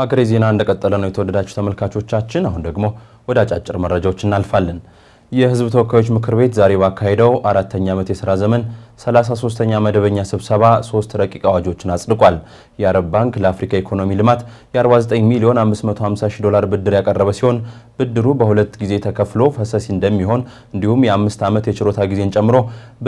ሀገሬ ዜና እንደቀጠለ ነው። የተወደዳችሁ ተመልካቾቻችን፣ አሁን ደግሞ ወደ አጫጭር መረጃዎች እናልፋለን። የህዝብ ተወካዮች ምክር ቤት ዛሬ ባካሄደው አራተኛ ዓመት የሥራ ዘመን 33ኛ መደበኛ ስብሰባ ሶስት ረቂቅ አዋጆችን አጽድቋል። የአረብ ባንክ ለአፍሪካ ኢኮኖሚ ልማት የ49 ሚሊዮን 550 ሺህ ዶላር ብድር ያቀረበ ሲሆን ብድሩ በሁለት ጊዜ ተከፍሎ ፈሰሲ እንደሚሆን እንዲሁም የአምስት ዓመት የችሮታ ጊዜን ጨምሮ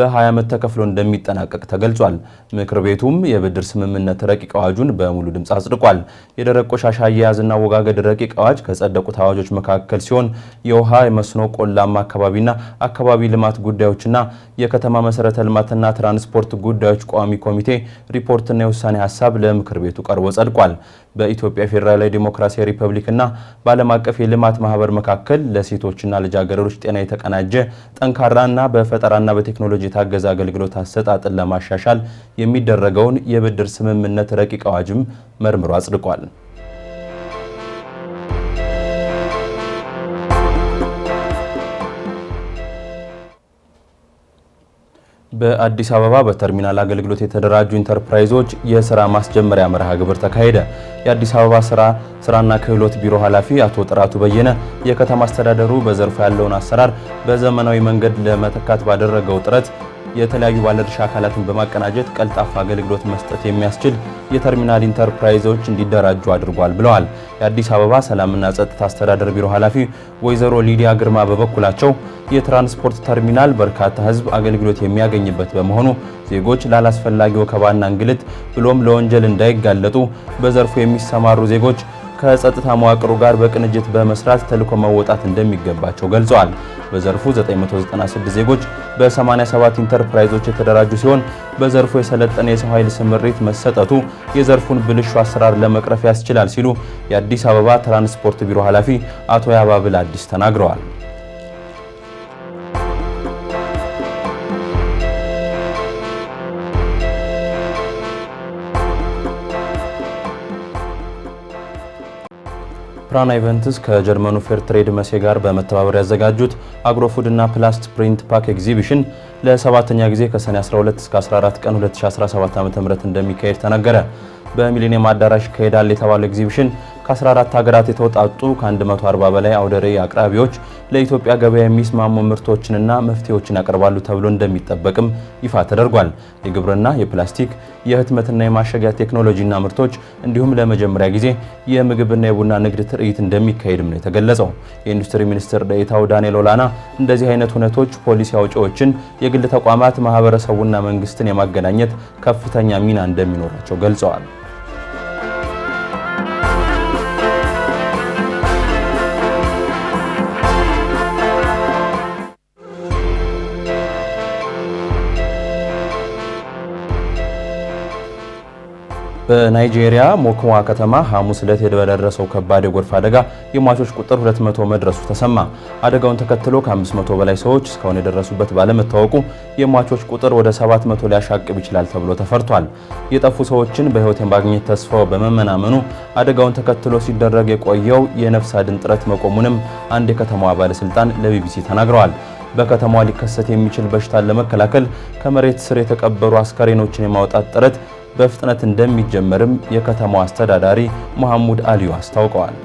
በ20 ዓመት ተከፍሎ እንደሚጠናቀቅ ተገልጿል። ምክር ቤቱም የብድር ስምምነት ረቂቅ አዋጁን በሙሉ ድምፅ አጽድቋል። የደረቅ ቆሻሻ አያያዝና አወጋገድ ረቂቅ አዋጅ ከጸደቁት አዋጆች መካከል ሲሆን የውሃ የመስኖ ቆላማ አካባቢና አካባቢ ልማት ጉዳዮችና የከተማ መሰረተ ልማትና ትራንስፖርት ጉዳዮች ቋሚ ኮሚቴ ሪፖርትና የውሳኔ ሀሳብ ለምክር ቤቱ ቀርቦ ጸድቋል። በኢትዮጵያ ፌዴራላዊ ዴሞክራሲያዊ ሪፐብሊክና በዓለም አቀፍ የልማት ማህበር መካከል ለሴቶችና ልጃገረዶች ጤና የተቀናጀ ጠንካራና በፈጠራና በቴክኖሎጂ የታገዘ አገልግሎት አሰጣጥን ለማሻሻል የሚደረገውን የብድር ስምምነት ረቂቅ አዋጅም መርምሮ አጽድቋል። በአዲስ አበባ በተርሚናል አገልግሎት የተደራጁ ኢንተርፕራይዞች የስራ ማስጀመሪያ መርሃ ግብር ተካሄደ። የአዲስ አበባ ስራ ስራና ክህሎት ቢሮ ኃላፊ አቶ ጥራቱ በየነ የከተማ አስተዳደሩ በዘርፉ ያለውን አሰራር በዘመናዊ መንገድ ለመተካት ባደረገው ጥረት የተለያዩ ባለድርሻ አካላትን በማቀናጀት ቀልጣፋ አገልግሎት መስጠት የሚያስችል የተርሚናል ኢንተርፕራይዞች እንዲደራጁ አድርጓል ብለዋል። የአዲስ አበባ ሰላምና ጸጥታ አስተዳደር ቢሮ ኃላፊ ወይዘሮ ሊዲያ ግርማ በበኩላቸው የትራንስፖርት ተርሚናል በርካታ ሕዝብ አገልግሎት የሚያገኝበት በመሆኑ ዜጎች ላላስፈላጊ ወከባና እንግልት ብሎም ለወንጀል እንዳይጋለጡ በዘርፉ የሚሰማሩ ዜጎች ከጸጥታ መዋቅሩ ጋር በቅንጅት በመስራት ተልዕኮ መወጣት እንደሚገባቸው ገልጸዋል። በዘርፉ 996 ዜጎች በ87 ኢንተርፕራይዞች የተደራጁ ሲሆን በዘርፉ የሰለጠነ የሰው ኃይል ስምሪት መሰጠቱ የዘርፉን ብልሹ አሰራር ለመቅረፍ ያስችላል ሲሉ የአዲስ አበባ ትራንስፖርት ቢሮ ኃላፊ አቶ ያባብል አዲስ ተናግረዋል። ፕራና ኢቨንትስ ከጀርመኑ ፌር ትሬድ መሴ ጋር በመተባበር ያዘጋጁት አግሮፉድ እና ፕላስት ፕሪንት ፓክ ኤግዚቢሽን ለሰባተኛ ጊዜ ከሰኔ 12 እስከ 14 ቀን 2017 ዓ ም እንደሚካሄድ ተነገረ። በሚሊኒየም አዳራሽ ይካሄዳል የተባለው ኤግዚቢሽን ከ14 ሀገራት የተውጣጡ ከ140 በላይ አውደ ርዕይ አቅራቢዎች ለኢትዮጵያ ገበያ የሚስማሙ ምርቶችንና መፍትሄዎችን ያቀርባሉ ተብሎ እንደሚጠበቅም ይፋ ተደርጓል። የግብርና፣ የፕላስቲክ፣ የህትመትና የማሸጊያ ቴክኖሎጂና ምርቶች እንዲሁም ለመጀመሪያ ጊዜ የምግብና የቡና ንግድ ትርኢት እንደሚካሄድም ነው የተገለጸው። የኢንዱስትሪ ሚኒስትር ዴኤታው ዳንኤል ኦላና እንደዚህ አይነት ሁነቶች ፖሊሲ አውጪዎችን፣ የግል ተቋማት፣ ማህበረሰቡና መንግስትን የማገናኘት ከፍተኛ ሚና እንደሚኖራቸው ገልጸዋል። በናይጄሪያ ሞክዋ ከተማ ሐሙስ ዕለት በደረሰው ከባድ የጎርፍ አደጋ የሟቾች ቁጥር 200 መድረሱ ተሰማ። አደጋውን ተከትሎ ከ500 በላይ ሰዎች እስካሁን የደረሱበት ባለመታወቁ የሟቾች ቁጥር ወደ 700 ሊያሻቅብ ይችላል ተብሎ ተፈርቷል። የጠፉ ሰዎችን በሕይወት የማግኘት ተስፋው በመመናመኑ አደጋውን ተከትሎ ሲደረግ የቆየው የነፍስ አድን ጥረት መቆሙንም አንድ የከተማዋ ባለሥልጣን ለቢቢሲ ተናግረዋል። በከተማዋ ሊከሰት የሚችል በሽታን ለመከላከል ከመሬት ስር የተቀበሩ አስከሬኖችን የማውጣት ጥረት በፍጥነት እንደሚጀመርም የከተማው አስተዳዳሪ መሐሙድ አሊዩ አስታውቀዋል።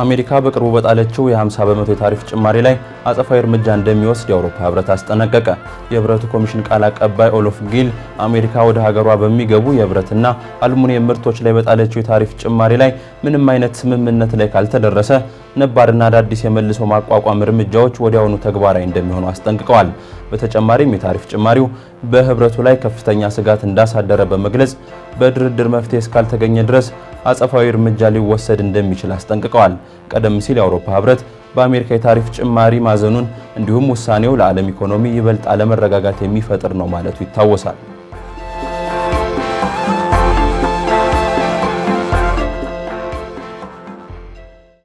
አሜሪካ በቅርቡ በጣለችው የ50 በመቶ የታሪፍ ጭማሪ ላይ አጸፋዊ እርምጃ እንደሚወስድ የአውሮፓ ህብረት አስጠነቀቀ። የህብረቱ ኮሚሽን ቃል አቀባይ ኦሎፍ ጊል አሜሪካ ወደ ሀገሯ በሚገቡ የብረትና አልሙኒየም ምርቶች ላይ በጣለችው የታሪፍ ጭማሪ ላይ ምንም አይነት ስምምነት ላይ ካልተደረሰ ነባርና አዳዲስ የመልሶ ማቋቋም እርምጃዎች ወዲያውኑ ተግባራዊ እንደሚሆኑ አስጠንቅቀዋል። በተጨማሪም የታሪፍ ጭማሪው በህብረቱ ላይ ከፍተኛ ስጋት እንዳሳደረ በመግለጽ በድርድር መፍትሄ እስካልተገኘ ድረስ አጸፋዊ እርምጃ ሊወሰድ እንደሚችል አስጠንቅቀዋል። ቀደም ሲል የአውሮፓ ህብረት በአሜሪካ የታሪፍ ጭማሪ ማዘኑን እንዲሁም ውሳኔው ለዓለም ኢኮኖሚ ይበልጥ አለመረጋጋት የሚፈጥር ነው ማለቱ ይታወሳል።